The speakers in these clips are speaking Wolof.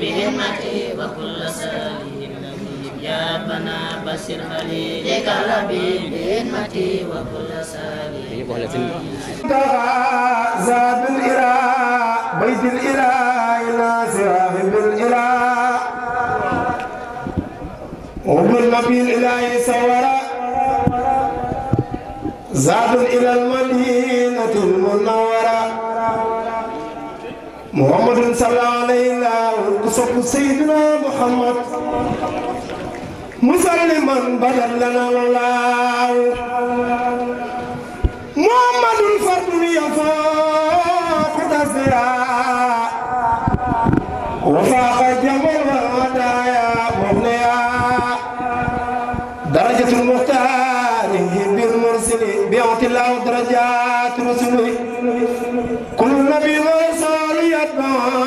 بهمته وكل سالم نبي يا بنا بشر خليلك ربي بهمته وكل سالم زاد الإله بيت الإله إلى صراحب الإله وابن النبي الإله سورا زاد إلى المدينة المنورة محمد صلى الله عليه وسلم sopp Seydina Muhammad musalliman badal lana laaw Muhammadul fardul yafaa tasira wafaaqa jamal wa adaaya mufnaya darajatul muxtaari bil mursili bi atilaw darajaat rusuli kullu nabi wa rasul yatbaa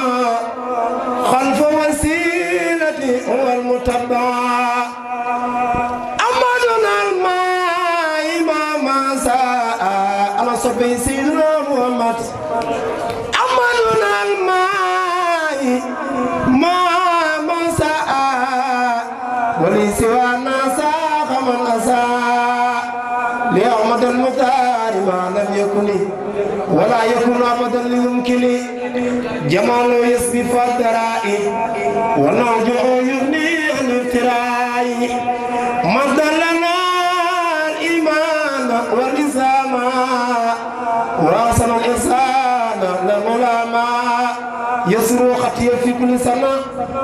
هو المتبع أمدنا الماء إماما ساء على صبي سيدنا محمد أمدنا الماء ما ساء ولي سوانا ساء من أساء لأحمد المختار ما لم يكن ولا يكون أبدا ليمكن جمال يسبي فالدرائي ونرجو الدين سنة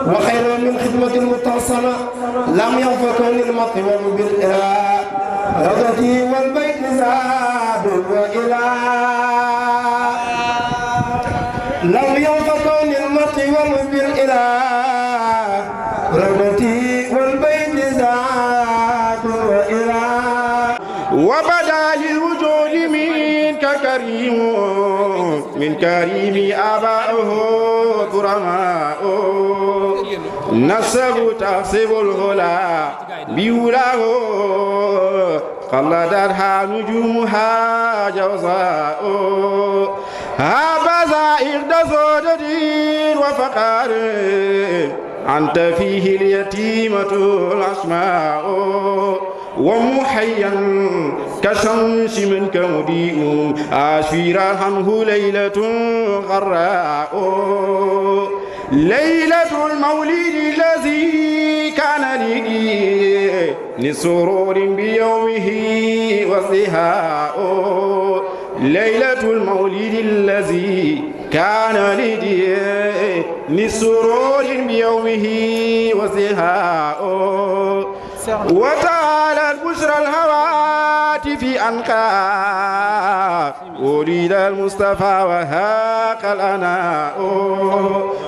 وخير من خدمة المتحصنة لم ينفكني المطعم بالإرهاب رضتي والبيت زاد وإلى لم ينفكني المطعم بالإرهاب من كريم آباؤه كرماء نسب تحسب الغلا بيولاه قلدتها نجومها جوزاء هابذا إغدى زودة وفقار أنت فيه اليتيمة الأسماء ومحيا كشمس من كمديء أسفيرا عنه ليلة غراء ليلة المولد الذي كان لي لسرور بيومه وصهاء ليلة المولد الذي كان لدي لسرور بيومه وصهاء كسر الهواتف أنقى وليد المصطفى وهاق الأناء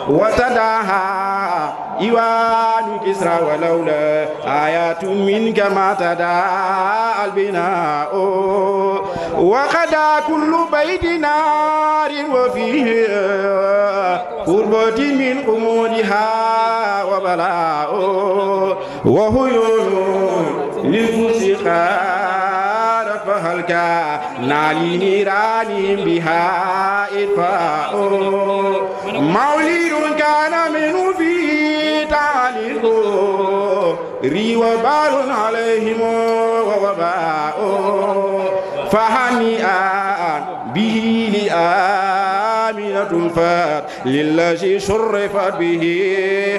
وتداها إيوان كسرى ولولا آيات منك ما تدعى البناء وقدا كل بيت نار وفيه قربة من قمودها وبلاء وهيون للموسيقار فهل كان لنيران بها إطفاء مولد كان منه فيه تعليق ري وبال عليهم ووباء فهنيئا به لآل آمنة فات للذي شرفت به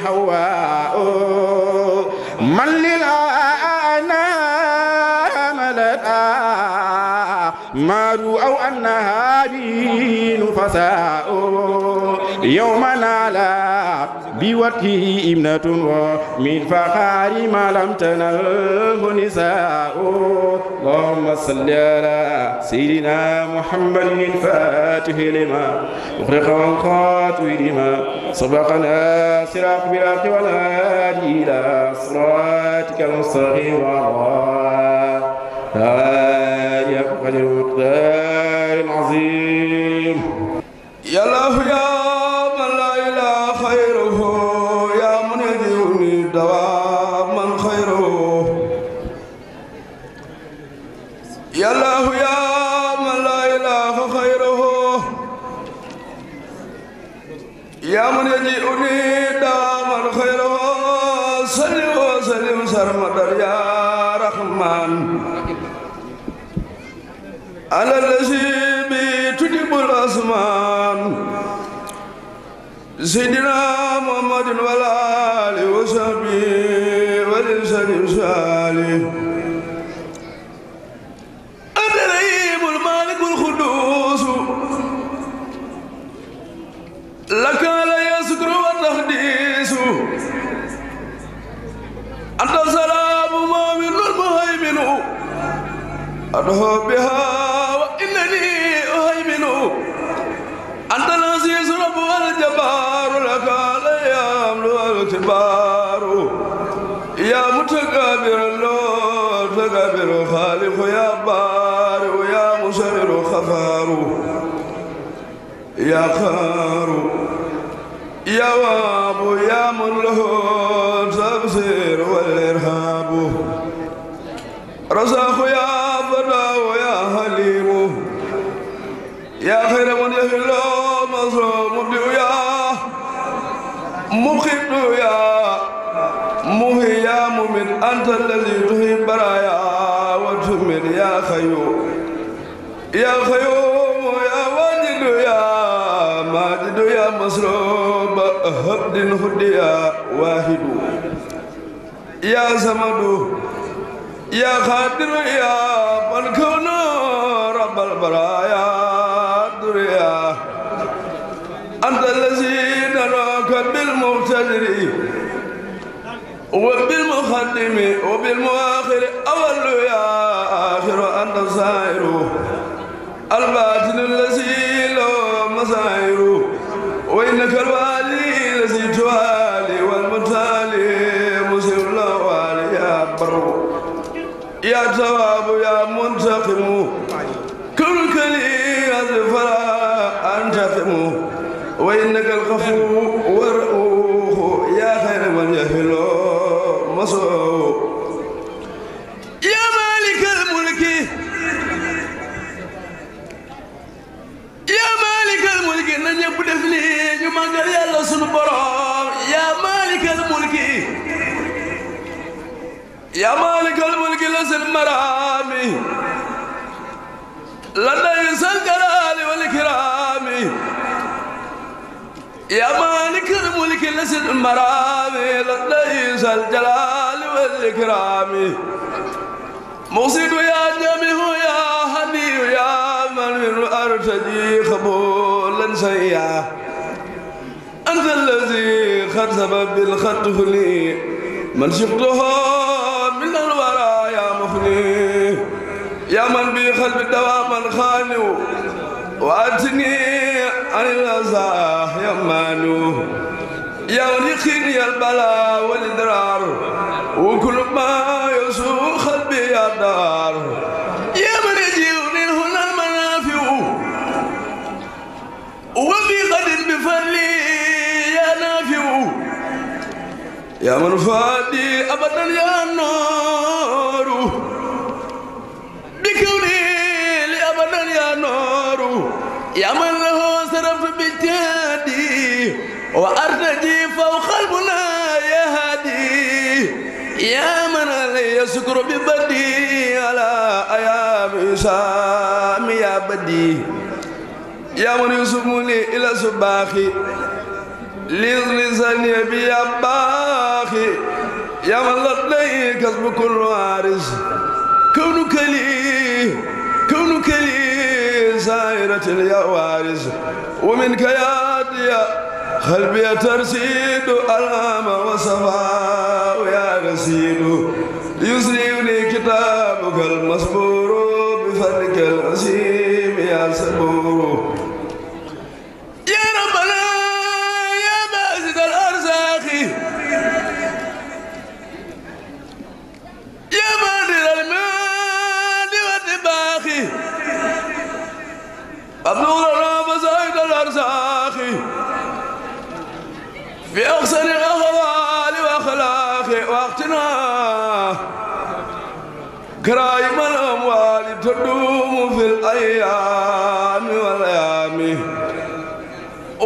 حواء من للأنام ناروا أو أن هذه نفساء يومنا لا بوته إمنة من فخار ما لم تنله نساء اللهم صل على سيدنا محمد الفاتح لما مخرق والخاتم لما سبقنا صراط بالحق والهادي إلى صراطك المستقيم وعلى القدر والمقدار العظيم يا الله يا من لا إله خيره يا من يديني دوام من خيره يا الله يا من لا إله خيره يا من يديني دوام من خيره سلم وسلم سرمدا يا رحمن على الذي تجب الأسمان سيدنا محمد والآل وصحبه ولسان صالح الرحيم المالك الخدوس لك لا يسكر والتحديث أنت سلام مؤمن المهيمن أدعو بها الجبار يا متكبر الله متكبر خالق يا بار يا مسمر خفار يا خار يا واب يا مله تبصير والإرهاب رزاق يا فتاه يا حليم يا خير من يهلو مظلوم مخيط يا مهي يا مؤمن أنت الذي تهي برايا وتمن يا خيو يا خيوم يا واجد يا ماجد يا مسروب هبد هد يا واحد يا سمد يا خاطر يا من كون رب البرايا صدري وبالمقدم وبالمؤخر أول يا آخر أنت صائر الباطن الذي له مصائر وإنك الوالي الذي توالي والمتالي مسير الله والي يا بر يا تواب يا منتقم كلك لي أزفر أنتقم وإنك الغفور والرؤوف يا خير من يهل مصو يا مالك الملك يا مالك الملك نانيا بدفني ñu màggal yàlla sunu borom يا مالك الملك يا مالك الملك لسن مرامي لدى الكرام والكرام يا مالك الملك لسد المرامي ليس الجلال والإكرام مقصد يا جميع يا هني يا من أرتجي قبولا سيئا أنت الذي خرسب بالخط لي من شفته من الورى يا مخني يا من بقلب دواما خانو وأتني عن الأذى يمان يغرقني البلاء والإدرار وكل ما يسوء قلبي الدار يا من يجيئني هنا المنافع وفي قدر بفلي يا نافع يا من فادي أبدا يا نور بكوني لأبدا يا نور يا من اعترف بالجهادي وارتجي فوق المنايا هادي يا من علي سكر ببدي على ايام سامي يا بدي يا من يسمني الى سباخي لزلزلني بيا باخي يا من لدي كسب كل وارث كونك لي كونك لي سائرة اليوارز ومنك يا ديا قلبي ترسيد ألام وصفاء يا رسيد ليسلمني كتابك المصبور بفرك الرسيم يا صبور fi axsani axwaali wa axlaaqi waqtina karaa'im al amwaali taduumu fil ayyaami wal ayaami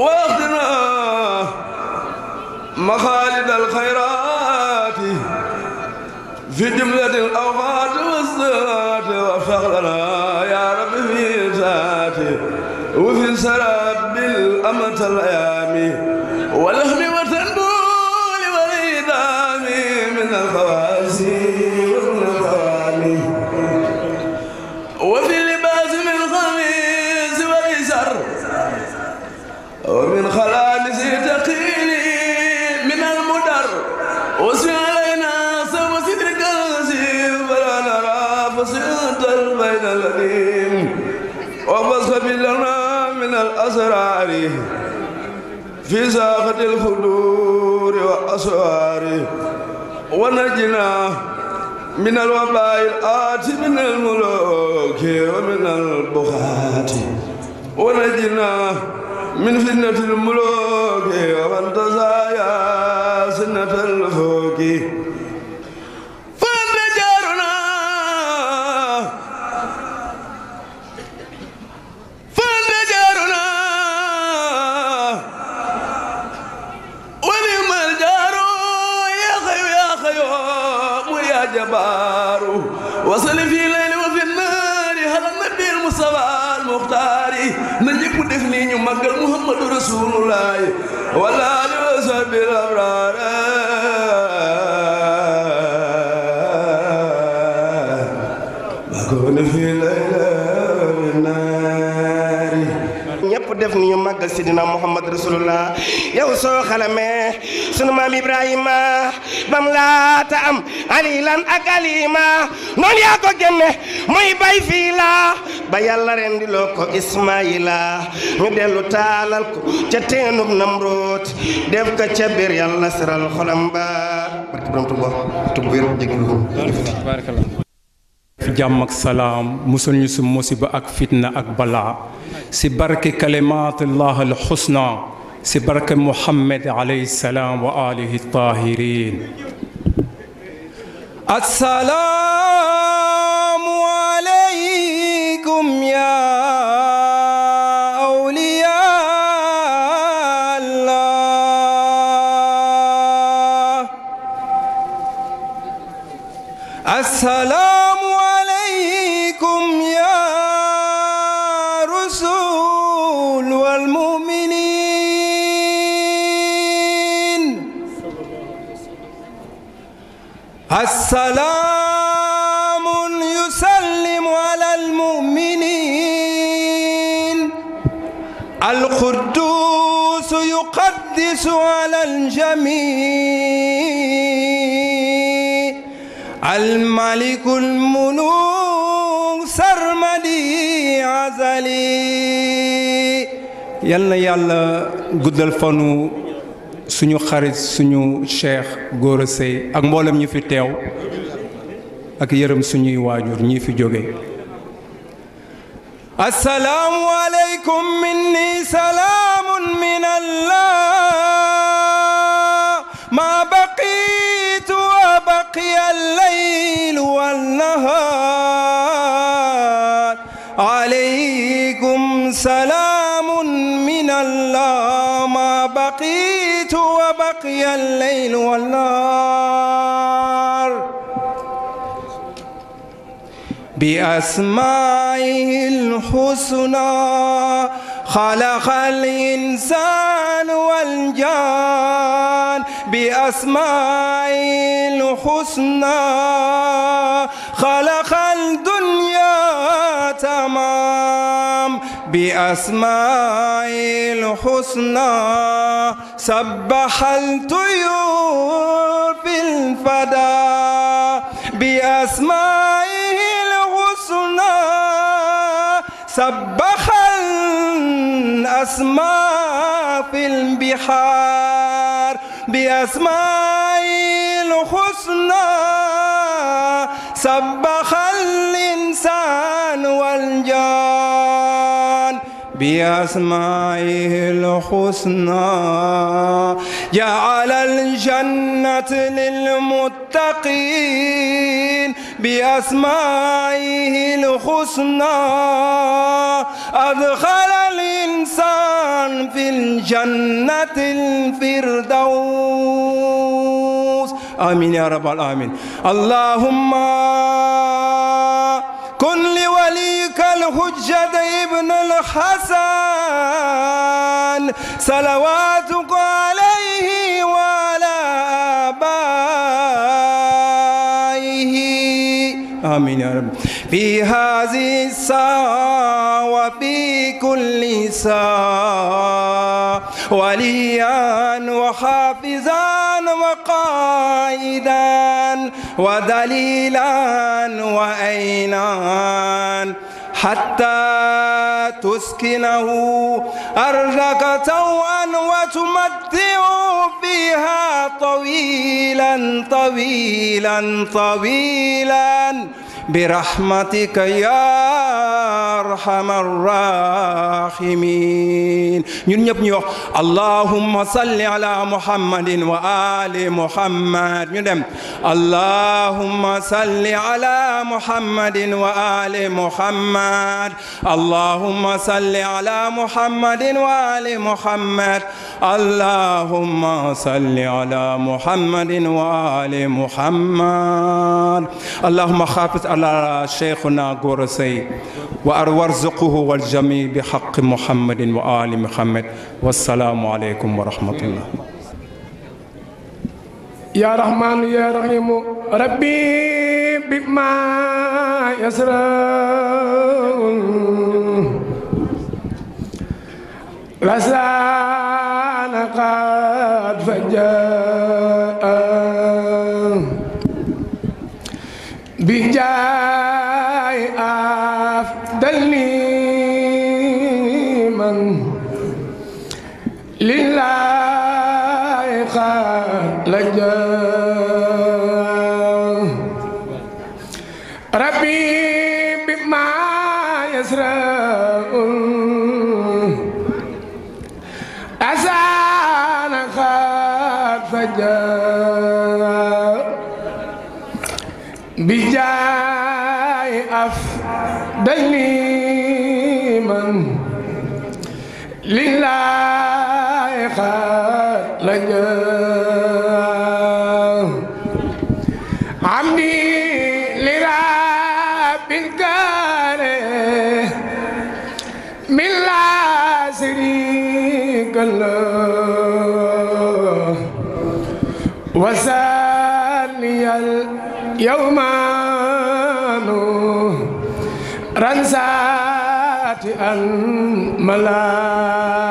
waqtina maxaalid al xayraati fi jumlatil awqaati wassaati wa faxlana yaa rabbi fi saati وفي سراب الأمة الأيام ولهم في زاغة الخدور وأسواره ونجنا من الوباء الآتي من الملوك ومن البخات ونجنا من فتنة الملوك ومن تزايا سنة الفوق ñëpp def ni ñu màggal sidina muhammad rasulullah yow soo xalamee sunu maam ibrahima bam laata am alilan ak alima noonu yaa ko génne muy bay fii ba yàlla rendiloo ko ismaila ñu dellu taalal ko ca teenub namroot def ko ca biir yàlla saral xolam ba barke borom tuba tuba yëpp jéggi def jàmm ak salaam musul ñu si musiba ak fitna ak balaa si barke kalimaatullah al xusna si barke muhammad alayhi salaam wa alihi tahirin assalaamu aleykum ya يقدس على الجميع الملك الملوك سرمدي عزلي yal na yàlla guddal fanu suñu xarit suñu cheikh Gora Seye ak mboolem ñu fi teew ak yërëm suñuy waajur ñi fi jóge assalaamu aleykum minni salaam من الله ما بقيت وبقي الليل والنهار عليكم سلام من الله ما بقيت وبقي الليل والنهار بأسمائه الحسنى خلق الإنسان والجان بأسماء الحسنى خلق الدنيا تمام بأسماء الحسنى سبح الطيور في الفدا بأسماء بأسماء في البحار بأسماء بأسمائه الحسنى جعل الجنة للمتقين بأسمائه الحسنى أدخل الإنسان في الجنة الفردوس آمين يا رب العالمين اللهم كن لوليك الحجة ابن الحسن صلواتك عليه وعلى آبائه آمين يا رب في هذه الساعة وفي كل ساعة وليا وحافظا وقائدا ودليلا وأينا حتى تسكنه أرضك طوعا وتمتعه فيها طويلا طويلا طويلا, طويلا برحمتك يا أرحم الراحمين ñun ñëpp ñu wax اللهم صل على محمد وآل محمد ñu dem اللهم صل على محمد وآل محمد اللهم صل على محمد وآل محمد اللهم صل على محمد وآل محمد اللهم خافظ على شيخنا غورسي وارزقه والجميع بحق محمد وآل محمد والسلام عليكم ورحمة الله يا رحمن يا رحيم ربي بما يسرون لسان قد فجر جاء ربي بما يسرى أسان خاف فجاء بجاء أفضل من لله خالجاء وساني اليومان رنسات أن ملاك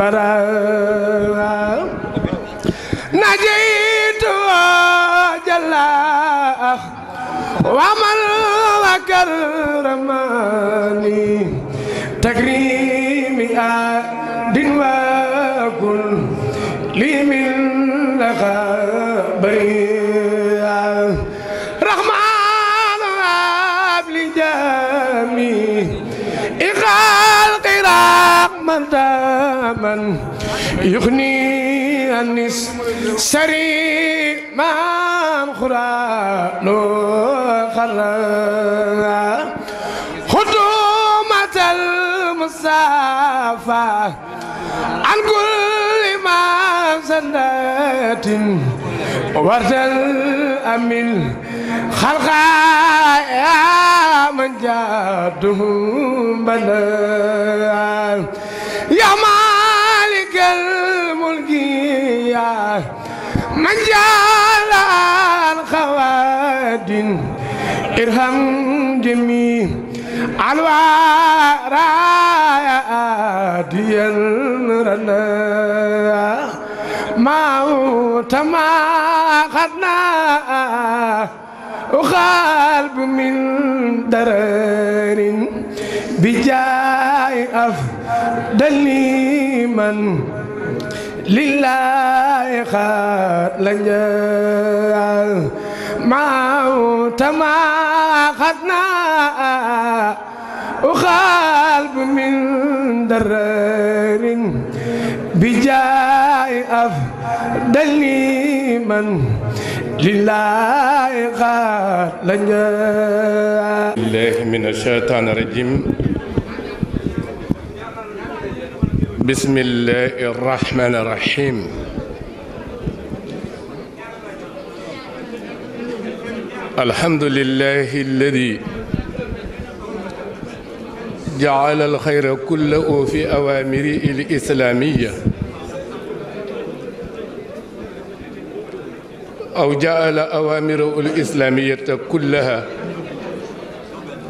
البراء نجيت وجل ومن وكرمني تكريمي من داما يغني عن سري ما خرا خرا خدومة المصافى عن كل ما زنات ورد الأمين خلقا يا من جادهم بلاد يا من جعل الخواد ارهم جميع الوارى ديا رنا ما تما خدنا وقلب من درر بجاي أفضل من لله خلنجا موت ما أخذنا وخالب من درر بجاي أفضل من لله خلنجا بالله من الشيطان الرجيم بسم الله الرحمن الرحيم الحمد لله الذي جعل الخير كله في أوامره الإسلامية أو جعل أوامره الإسلامية كلها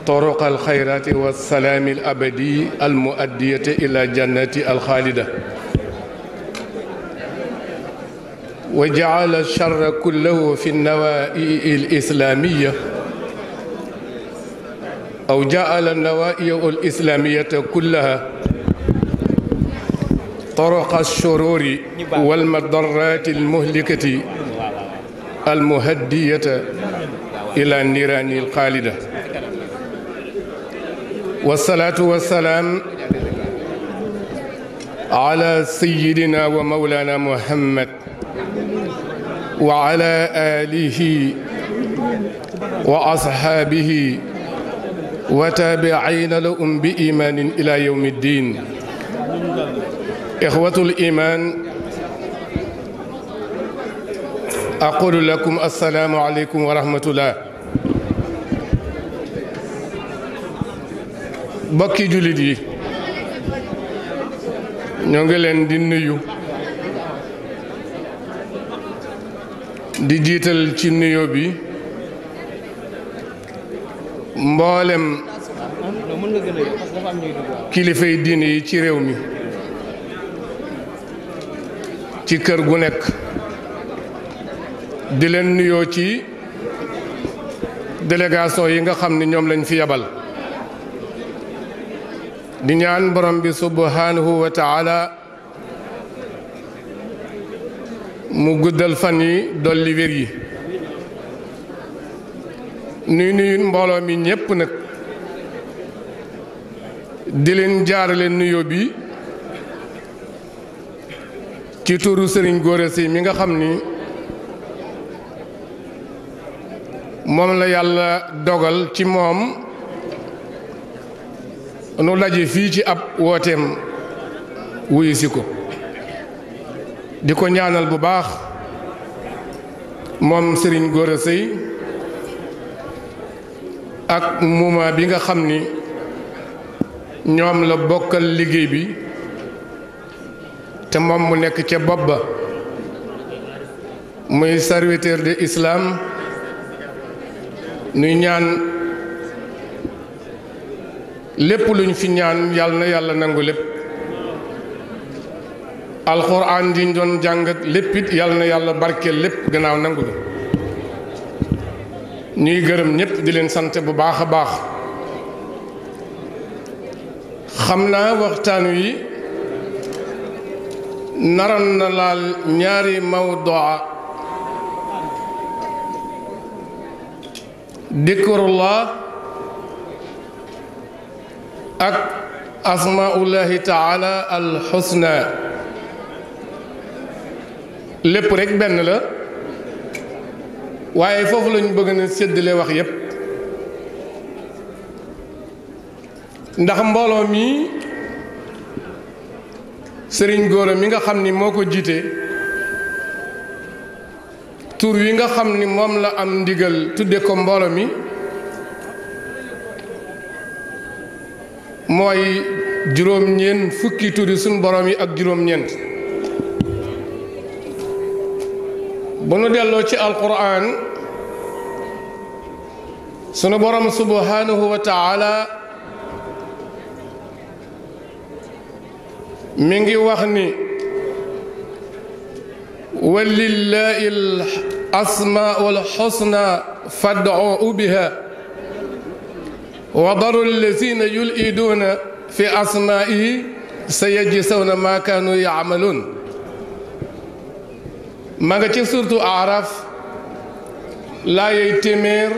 طرق الخيرات والسلام الأبدي المؤدية إلى جنة الخالدة وجعل الشر كله في النوائي الإسلامية أو جعل النوائي الإسلامية كلها طرق الشرور والمضرات المهلكة المهدية إلى النيران الخالدة wasalaatu wasalaam ala sayyidina wa mawlaana Muhammad wa ala aalihi wa ashaabihi wa taabi'iina lahum bi imaanin ilaa yawmi ddiin. ixwatul iimaan aquulu lakum asalaamu aleykum wa rahmatullah. mbokki jullit yi ñoo ngi leen di nuyu di jiital ci nuyo bi mboolem kilifay diine yi ci réew mi ci kër gu nekk di leen nuyoo ci délégation yi nga xam ni ñoom lañu fi yabal di ñaan borom bi subhaanahu wa taala mu guddal fan yi dolli wér yi nuy nuyu mbooloo mi ñépp nag di leen jaarale nuyoo bi ci tuuru Serigne Gora mi nga xam ni moom la yàlla dogal ci moom nu laje fii ci ab wooteem wuyu si ko di ko ñaanal bu baax moom sëriñ Serigne a Seye ak muuma bi nga xam ni ñoom la bokkal liggéey bi te moom mu nekk ca bopp ba muy serviteur de l'islam nuy ñaan lépp luñ fi ñaan yàlla na yàlla nangu lépp alxuraan diñ doon jàngat lépp it yàlla na yàlla barkeel lépp gannaaw nangu bi ñuy gërëm ñépp di leen sante bu baax a baax xam naa waxtaan wi naran na laal ñaari mawdoa dikrullah ak asmaullahi taala alxusna lépp rek benn la waaye foofu lañu bëgg na séddale wax yépp ndax mbooloo mi sëriñ góora mi nga xam ni moo ko jiite tur wi nga xam ni moom la am ndigal tudde ko mbooloo mi mooy juróom-ñeent fukki turi suñ borom yi ak juróom-ñeent bu nu delloo ci alquran sunu borom subhanahu wa taala mi ngi wax ni walillahi al asmaa wal xusna fad'u biha wa daru lazina yuliduuna fi asmaihi sa na ma kaanu yaamaluun maa nga ci surtu araf laayey téeméer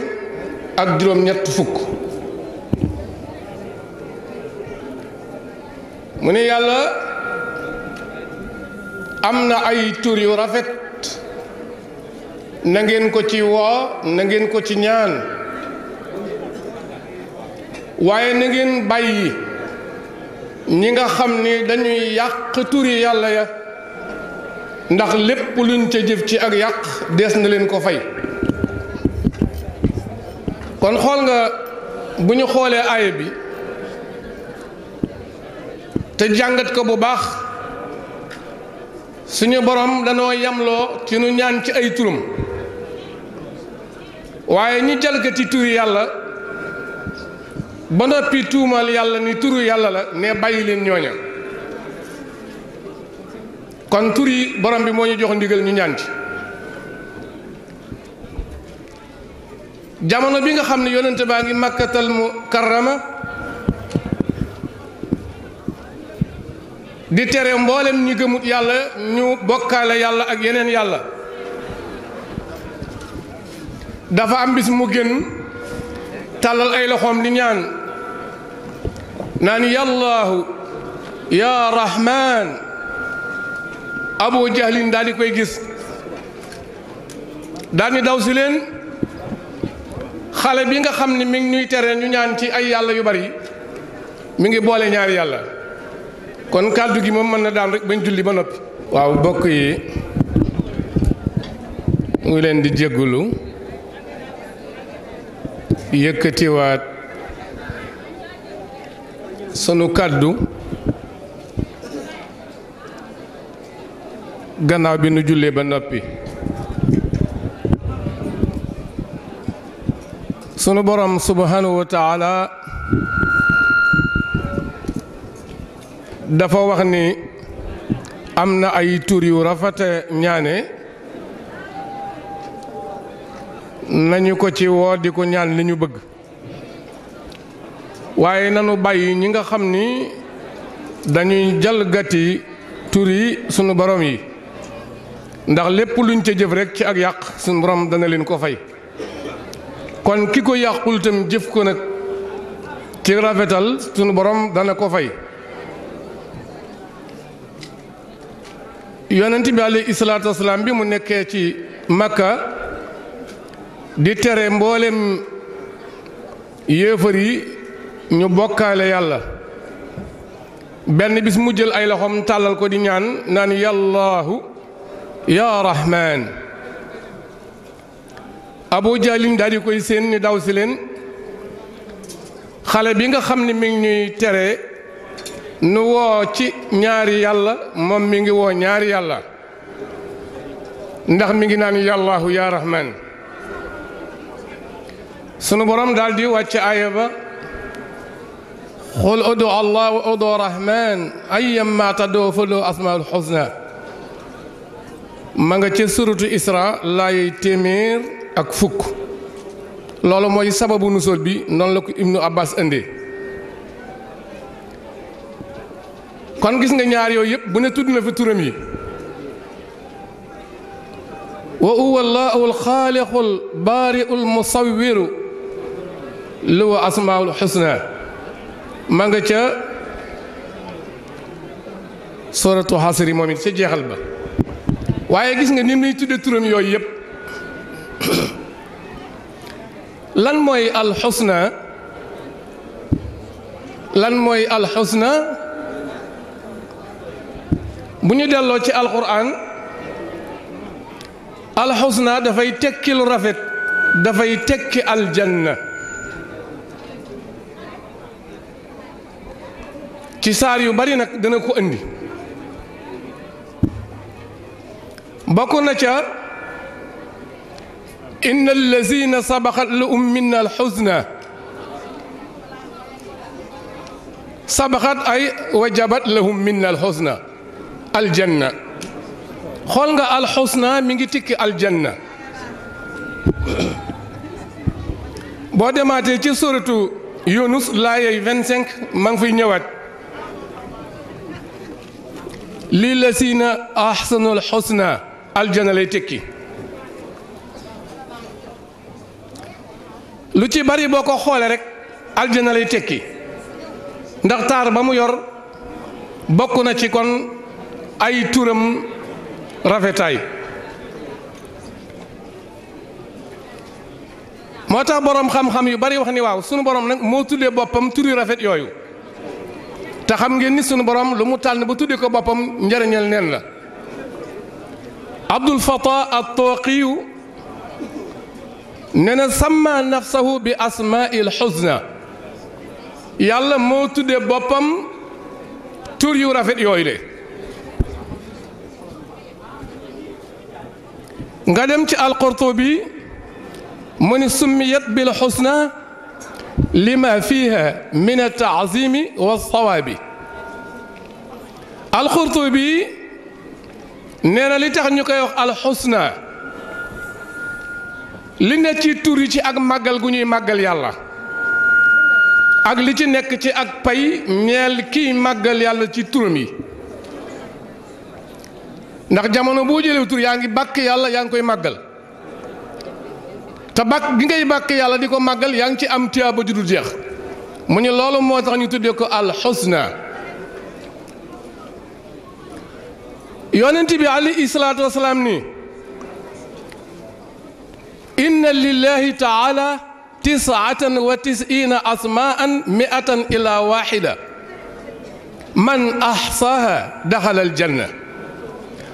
ak juróom-ñett fukk mu ne yàlla am na ay tur yu rafet na ngeen ko ci woo na ngeen ko ci ñaan waaye na ngeen bàyyi ñi nga xam ni dañuy yàq turi yàlla ya ndax lépp luñ ca jëf ci ak yàq des na leen ko fay kon xool nga bu ñu xoolee aaya bi te jàngat ko bu baax suñu borom danoo yamloo ci nu ñaan ci ay turam waaye ñi jalgati turi yàlla ba noppi tuumal yàlla ni turu yàlla la ne bàyyi leen ñooña kon tur borom bi moo ñu jox ndigal ñu ñaan ci jamono bi nga xam ne yonente baa ngi màkkatal mu karrama di tere mboolem ñi gëmut yàlla ñu bokkaale yàlla ak yeneen yàlla dafa am bis mu génn tàllal ay loxoom di ñaan naan yallaahu yaa rahmaan abu jahlin daal di koy gis daal di daw si leen xale bi nga xam ni mi ngi ñuy tere ñu ñaan ci ay yàlla yu bari mu ngi boole ñaari yàlla kon kàddu gi moom mën na daan rek bañ julli ba noppi. waaw bokk yi mu ngi leen di jéggulu yëkkatiwaat. sunu kàddu gannaaw bi nu jullee ba noppi sunu borom subhanahu wa dafa wax ni am na ay tur yu rafete ñaane nañu ko ci woo di ko ñaan li ñu bëgg waaye nanu bàyyi ñi nga xam ni dañuy jalgati tur yi sunu borom yi ndax lépp luñ ci jëf rekk ci ak yàq sunu borom dana leen ko fay kon ki ko yàqul tam jëf ko nag ci rafetal sunu borom dana ko fay yonent bi alayhi salaatu wasalaam bi mu nekkee ci makka di tere mboolem yéefar yi ñu bokkaale yàlla benn bis mu jël ay loxoom tàllal ko di ñaan naan yàllaahu yaa rahmaan abu jaalin daal koy séen ni daw si leen xale bi nga xam ne mi ngi ñuy tere nu woo ci ñaari yàlla moom mi ngi woo ñaari yàlla ndax mi ngi naan yàllaahu yaa rahmaan sunu borom daal di aaya ba xul udu allah wa udu rahman ayyamma tadoo falo asmaul husna ma nga ci suratu isra laay téeméer ak fukk loolu mooy sababu nusool bi noonu la ko ibnu abbas indee kon gis nga ñaar yooyu yëpp bu ne tudd na fi turam yi wa huwa allahu alxaaliqu albaariu almusawiru lu wa asmaul husna ma nga ca suratu xasri moom it ca jeexal ba waaye gis nga ni muy tudde turam yooyu yëpp lan mooy alxusna lan mooy alxusna bu ñu delloo ci alquran alxusna dafay tekki lu rafet dafay tekki aljanna ci saar yu bari nag dana ko indi bokk na ca inna allazina sabaqat lahum minna alxusna sabaqat ay wajabat lahum minna alxusna aljanna xool nga alxusna mi ngi tikki aljanna boo demaatee ci suratu yunus laayey vingt-cinq maa ngi fiy ñëwaat lii la siina ahsanul xusna aljana lay tekki lu ci bari boo ko xoolee rek aljana lay tekki ndax taar ba mu yor bokk na ci kon ay turam rafetaay moo tax boroom xam-xam yu bari wax ni waaw sunu boroom nag moo tuddee boppam turi rafet yooyu te xam ngeen ni sunu borom lu mu tànn ba tuddee ko boppam njëriñal neen la abdul fata at-tooqiyu nee na samma nafsahu bi asmaa'il xusna yàlla moo tuddee boppam tur yu rafet yooyu le nga dem ci alqurtubi mu ni summiyat bil xusna lima fiha min altaazimi walsawaabi alxurtubi nee na li tax ñu koy wax alxusna li ne ci tur yi ci ak màggal gu ñuy màggal yàlla ak li ci nekk ci ak pay ñeel kiy màggal yàlla ci turam yi ndax jamono boo jëlew tur yaa ngi bàkk yàlla yaa ngi koy màggal te bàkk gi ngay bàkk yàlla di ko màggal yaa ngi ci am tiyaaba ju dul jeex mu ne loolu moo tax ñu tuddee ko alxusna yonent bi alayhi salaatu wasalaam ni inna lillahi taala tisaatan wa tisiina asmaan miatan ila waxida man axsaha daxala aljanna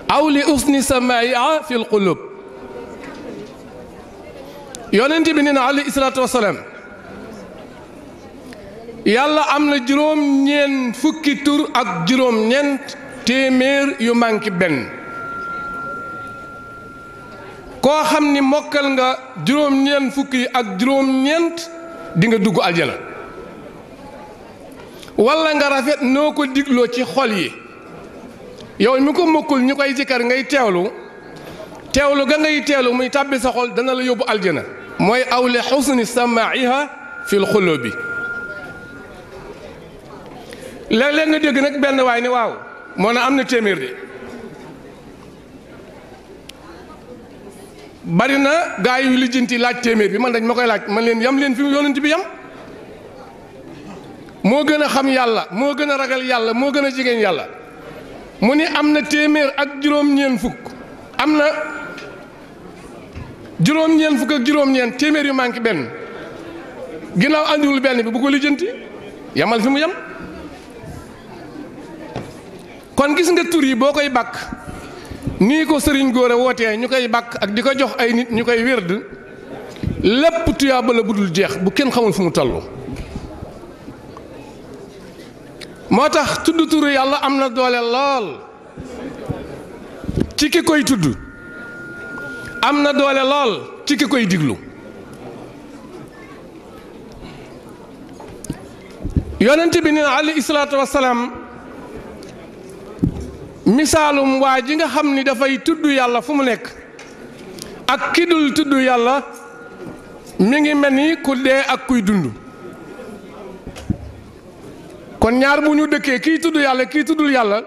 aw li usni samaia fi lqulub yonent bi nee na alayhi salaatu yàlla am na juróom ñeent fukki tur ak juróom ñeent téeméer yu manqué benn koo xam ni mokkal nga juróom ñeent fukki ak juróom ñeent dinga dugg aljana wala nga rafet noo ko digloo ci xol yi yow mi ko mokkul ñu koy jikkar ngay teewlu teewlu ga ngay teewlu muy tàbbi sa xol dana la yóbbu aljana mooy aw li xusni samaiha fi lxulubi léeg-léeg nga dégg nag benn waay ni waaw moo na am na téeméer de bari na gaa yu lijjanti laaj téeméer bi man dañ ma koy laaj man leen yam leen fi yonent bi yam moo gën a xam yàlla moo gën a ragal yàlla moo gën a jigéen yàlla mu ni am na téeméer ak juróom-ñeent fukk am na juróom-ñeent fukk ak juróom-ñeent téeméer yu manqué benn ginnaaw àndiwul benn bi bu ko lijjanti yamal fi mu yem kon gis nga tur yi boo koy bàkk nii ko sëriñ góor wootee ñu koy bàkk ak di ko jox ay nit ñu koy wérd lépp tuyaaba bu dul jeex bu kenn xamul fu mu toll moo tax tudd turu yàlla am na doole lool ci ki koy tudd am na doole lool ci ki koy diglu yonent bi ne alayhi salaatu wasalaam misaalum waa ji nga xam ni dafay tudd yàlla fu mu nekk ak ki dul tudd yàlla mi ngi mel ni ku dee ak kuy dund kon ñaar bu ñu dëkkee kii tudd yàlla kii tuddul yàlla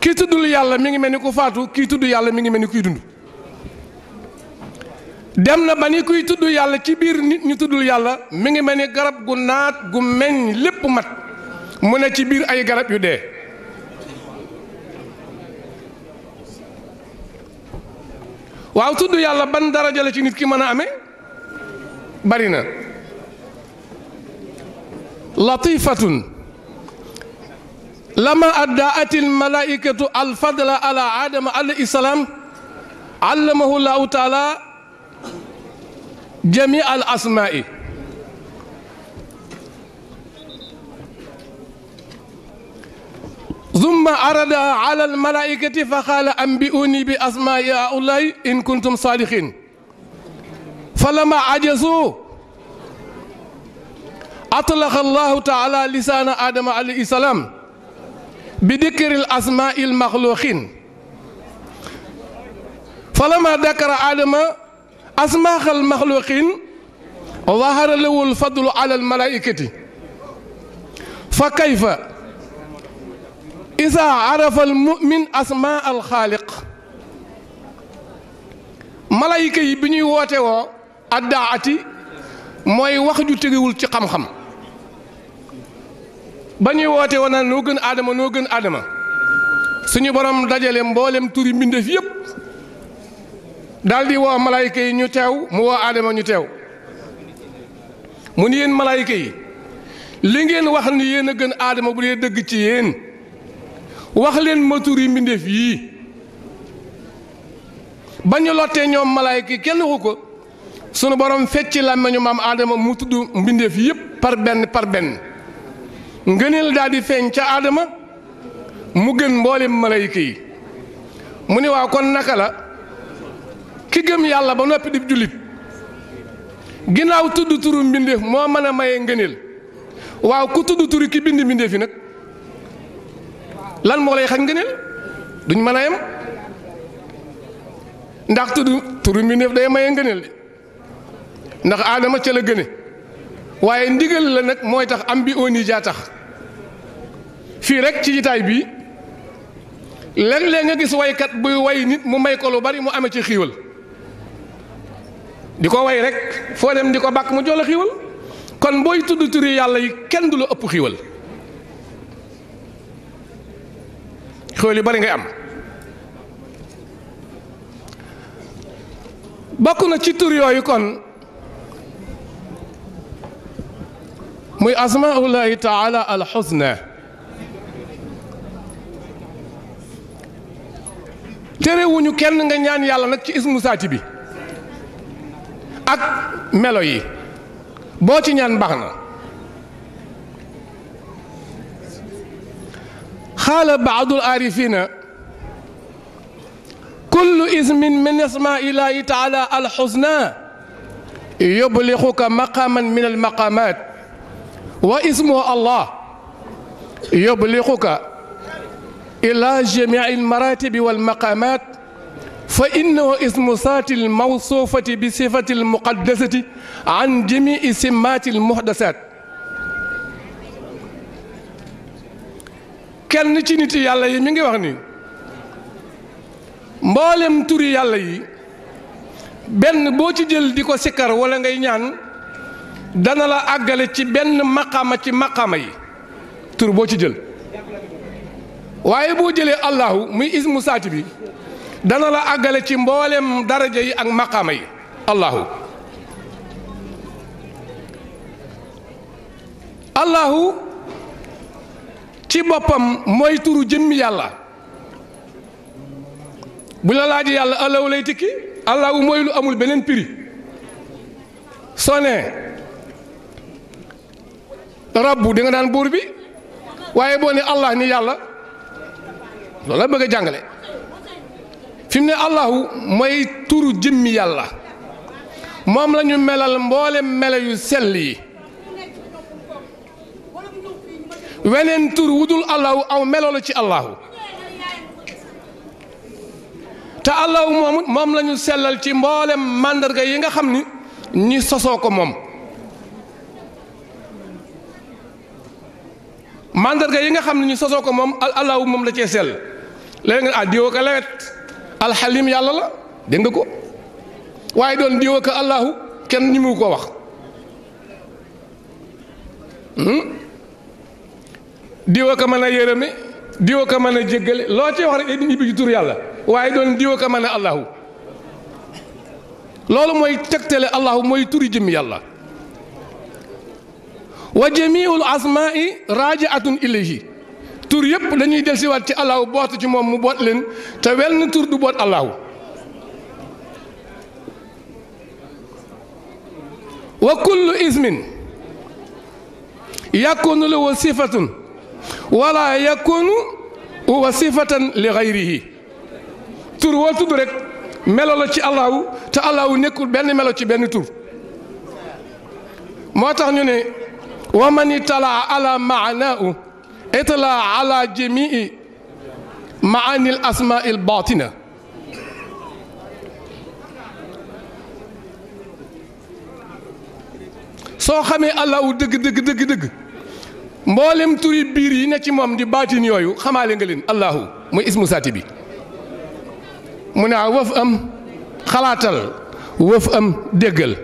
kii tuddul yàlla mi ngi mel ni ku faatu kii tudd yàlla mi ngi mel ni kuy dund dem na ba ni kuy tudd yàlla ci biir nit ñu tuddul yàlla mi ngi mel ni garab gu naat gu meññ lépp mat mu ne ci biir ay garab yu dee waaw tudd yàlla ban daraja la ci nit ki mën a amee bari na latifatun lama addaat almalaikatu alfadla ala aadama alayhi salaam allamahu llahu jami al asmaa'i summa arada ala al malaikati fa qaala ambi'uuni bi asmaa'i haa'ulaa'i in kuntum saadiqiin falammaa ajazuu atlaqa allahu taala lisaana aadama alayhi salaam bi dikri al asmaa'i al maxluuqiin falammaa dakara aadama asmaaxal maxluqin zahara lawul fadlu ala al malaikati fa kayfa isa arafa mumin asmaa al xaaliq yi bi ñuy woote woo addaati mooy wax ju tegewul ci xam-xam ba ñuy woote woo naan noo gën aadama noo gën aadama suñu borom dajale mboolem turi mbindeef yépp daal di woo malayka yi ñu teew mu woo aadama ñu teew mu ni yéen malayka yi li ngeen wax ni yéen gën aadama bu dee dëgg ci yéen wax leen matur yi mbindeef yii ba ñu lottee ñoom malayka yi kenn waxu ko sunu borom fecci làmmeñu maam aadama mu tudd mbindeef yépp par benn par benn ngëneel daal feeñ ca aadama mu gën mboolem malayka yi mu ni waaw kon naka la ki gëm yàlla ba noppi di jullit ginnaaw tudd turu mbindeef moo mën a maye ngëneel waaw ku tudd turu ki bind mbindeef yi nag lan moo lay xañ ngëneel duñ mën a yem ndax tudd turu mbindeef day maye ngëneel de ndax aadama ca la gëne waaye ndigal la nag mooy tax am bi oni tax fii rek ci jitaay bii léeg-léeg nga gis waykat buy way nit mu may ko bari mu amee ci xiiwal di ko way rek foo dem di ko bàkk mu jola xiiwal kon booy tudd turi yàlla yi kenn du la ëpp xiiwal xiiwal yu bari ngay am bokk na ci tur yooyu kon muy asmaullahi taala alxusna terewuñu kenn nga ñaan yàlla nag ci ismu saati bi ak melo yi boo ci ñaan baax na xaala baadul aarifina kullu ismin min asmaa illaahi taala alxusna yublixuka maqaman min almaqamat wa ismuhu allah yublixuka ila jamici almaratibi walmaqamat fa innahu ismu saati l bi sifati l muqaddasati an jamii simaati l kenn ci nit yàlla yi mi ngi wax nii mboolem turi yàlla yi benn boo ci jël di ko sikkar wala ngay ñaan dana la àggale ci benn maqaama ci maqaama yi tur boo ci jël waaye boo jëlee allahu muy ismu saati bi dana la àggale ci mboolem daraja yi ak maqaama yi allahu allahu ci boppam mooy turu jëmmi yàlla bu la laaj yàlla allahu lay tikki allahu mooy lu amul beneen prix soo ne rabbu di nga naan buur bi waaye boo ne allah ni yàlla loolu la bëgg a jàngale fi mu ne allahu mooy turu jëmmi yàlla moom la ñu melal mboole melo yu sell yi weneen tur wudul allahu aw melo la ci allahu te allahu moom moom la sellal ci mboolem màndarga yi nga xam ni ñi sosoo ko moom màndarga yi nga xam ne ñi sosoo ko moom allahu moom la cee sell léegi nga ah diwoo ko lewet alxalim yàlla la dégg nga ko waaye doon diw ak allahu kenn ñi ko wax hmm? diw ak mën a yërëme diw ak mën a jéggale loo ci wax rek dañuy ñibbi ci tur yàlla waaye doon diw ak mën a allahu loolu mooy tegtale allahu mooy turi jëmmi yàlla wa jamiul asmaai raajaatun ilayhi tur yëpp dañuy del ci allahu bootu ci moom mu boot leen te wenn tur du boot allahu wa kullu ismin yakunu lahu sifatun wala yakunu wa sifatan li gayrihi tur woo tudd rek melo la ci allahu te allahu nekkul benn melo ci benn tur moo tax ñu ne wa man italaa ala maanaahu itla ala jamii maani al asmaa al soo xamee allahu dëgg dëgg dëgg mboolem turi biir yi ne ci moom di baatin yooyu xamaale nga leen allahu muy ismu saati bi mu ne wëf am xalaatal wëf am déggal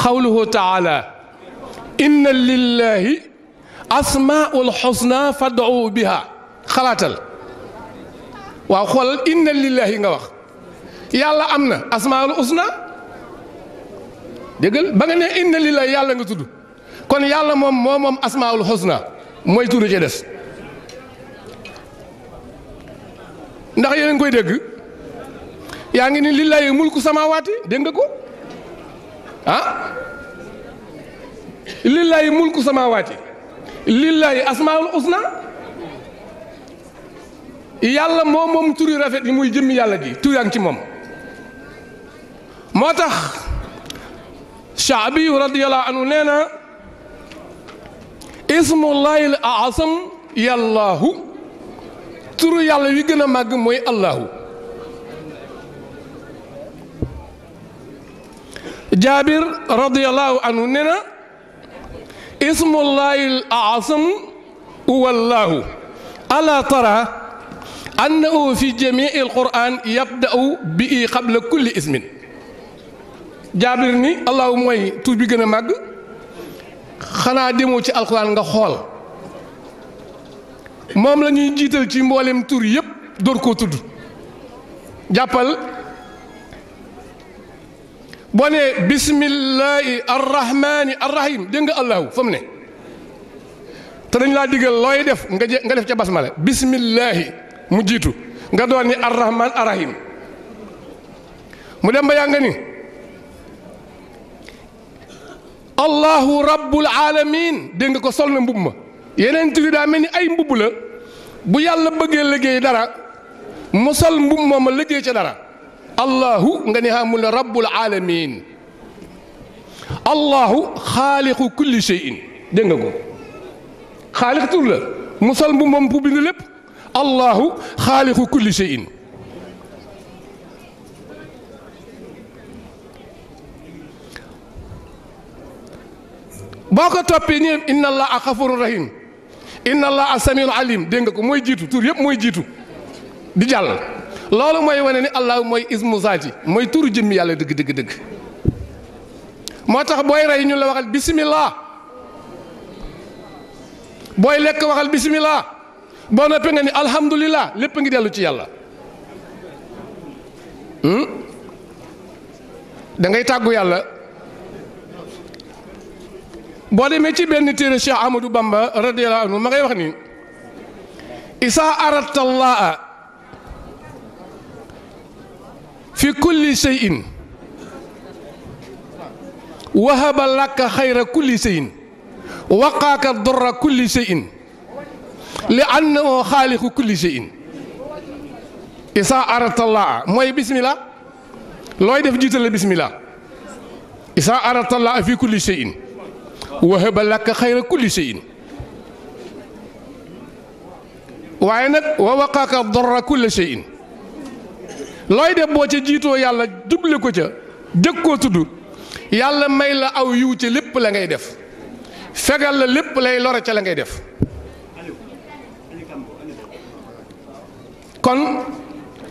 xawluhu taala inna lillahi asmaul xusna fad'u biha xalaatal waaw xoolal inna lillahi nga wax yàlla am na asmaul xusna déggal ba nga ne inna lillahi yàlla nga tudd kon yàlla moom moo moom asmaul xusna mooy tudd ci des ndax yéen a ngi koy dégg yaa ngi ni lillahi mulku samawaati dégg nga ko ah lillahi mulku samawaati lillahi asmaul usna yàlla moo moom turi rafet yi muy jëmmi yàlla ji turan ci moom moo tax shaabi radiyallahu anhu nee na ismullahi l asam yàllaahu yàlla wi gën a màgg mooy allaahu jaabir radiyallahu anhu nee ismullahi al-a'zam wallahu alaa tara annahu fi jamii al-quraan yabda'u bi qabla kulli ismin jaabir ni allahu mooy tur bi gën a màgg xanaa demoo ci alxuraan nga xool moom la ñuy jiital ci mboolem tur yépp door ko tudd jàppal boo nee bismillahi arrahmani arrahim dégg nga allahu fa ne te dañ laa diggal looy def nga nga def ca basmala bismillahi mu jiitu nga doon ni arrahman arrahim mu dem yaa nga ni allahu rabbul alamin dégg ko sol na mbubb ma yeneen tur daa mel ni ay mbubb la bu yàlla bëggee liggéey dara mu sol mbubb moom ma liggéey ca dara allahu nga ne xam mu ne rabbul alamin allahu xaaliqu kulli shay'in dégg nga ko xaaliq tur la musal mu moom bu bind lépp allahu xaaliqu kulli shay'in boo ko toppee ñu inna allaha xafurun rahim inna allaha samiun alim dégg nga ko mooy jiitu tur yëpp mooy jiitu di jàll loolu mooy wane ni allah mooy ismu zaati mooy tur jëmmi yàlla dëgg dëgg dëgg moo tax booy rey ñu la waxal bisimilah booy lekk waxal bisimilah boo noppee nga ni alhamdulilah lépp ngi dellu ci yàlla hmm? dangay tàggu yàlla boo demee ci benn téere Cheikh Ahmadou Bamba radiyallahu anhu ngay wax ni isaa aratallah fi kulli shay'in wahaba laka xayra kulli shay'in waqaaka dorra kulli shay'in li annahu xaaliqu kulli shay'in isa aratallaa mooy bismillah looy def jiitale bismillah isa aratallaa fi kulli shay'in wahaba laka xayra kulli shay'in waaye nag wa waqaaka dorra kulli shay'in looy def boo ca jiitoo yàlla juble ko ca jëkk koo tudd yàlla may la aw yiw ca lépp la ngay def fegal la lépp lay lore ca la ngay def kon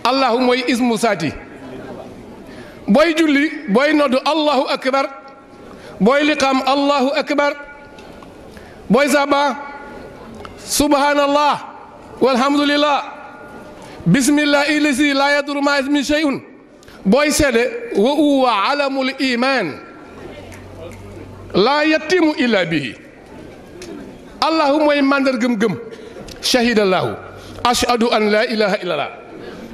allahu mooy ismu saati booy julli booy noddu allahu akbar booy liqaam allahu akibar booy saba subhanallah walhamdulillah bismillahi lazi laa yaduru ma ismi shay'un booy seede wa huwa alamul iman laa yatimu illa bihi allahu mooy màndargam gëm shahidallahu ashhadu an laa ilaha illallah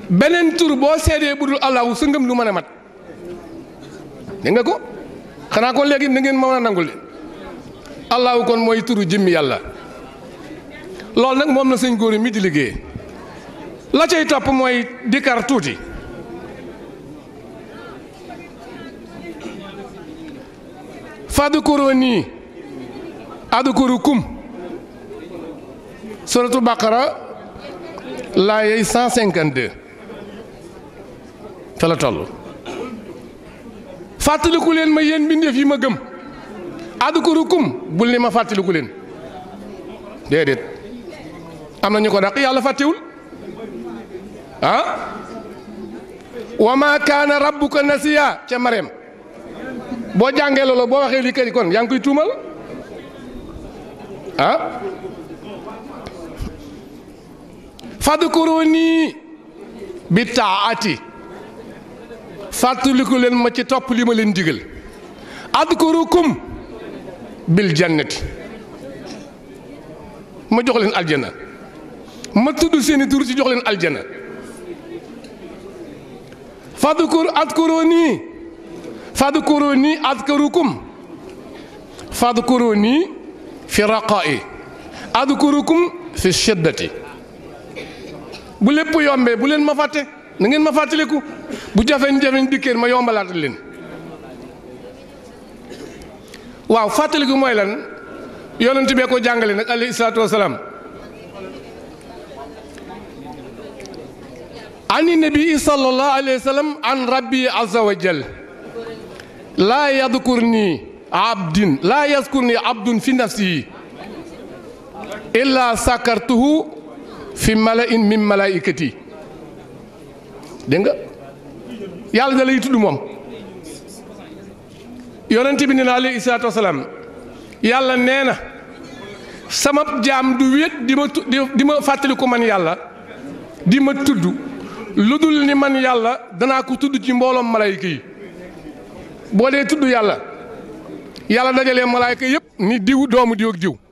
beneen tur boo seedee budul allahu sa ngëm du mën a mat dégg nga ko xanaa kon léegi na ngeen ma mën a nangul allahu kon mooy turu jëmmi yàlla loolu nag moom la sëñ góor mi di liggéey la cay topp mooy dikar tuuti fadkuruu nii adkurukum suratu baqara laayey 152 te la toll fàttaliku leen ma yéen mbindeef yi ma gëm adkurukum bul ni ma fàttaliku leen déedéet am na ñu ko dax yàlla fàttewul ah wa ma kaana rabbuka nasiya ca mareem boo jàngee loolu boo waxee li kër kon yaa koy tuumal ah fadkuruni bi taati fàttaliku leen ma ci topp lii ma leen digal adkurukum bil jannati ma jox leen aljana ma tudd seeni tur ci jox leen aljana fadkur adkuruni fadkuruni adkurukum fadkuruni fi raqa'i adkurukum fi shiddati bu lépp yombee bu leen ma fàtte na ngeen ma fàttaliku bu jafeñ-jafeñ dikkeen ma yombalaat leen waaw fàttaliku mooy lan yonent bee ko jàngale nag alayhi salaatu wasalaam an nabii sallallahu alayhi wa sallam an rabbi azza wa laa yadkur nii abdin laa yadkur nii abdun fi nafsihi illaa sakartuhu fi malain min malaikati dégg nga yàlla da lay tudd moom yonent bi ne na salaatu wasalaam yàlla nee na sama jaam du wéet di ma di ma yàlla di ma tudd lu dul ni man yàlla danaa ko tudd ci mbooloom malayka yi boo dee tuddu yàlla yàlla dajalee malayka yëpp ni diw doomu diw ak diw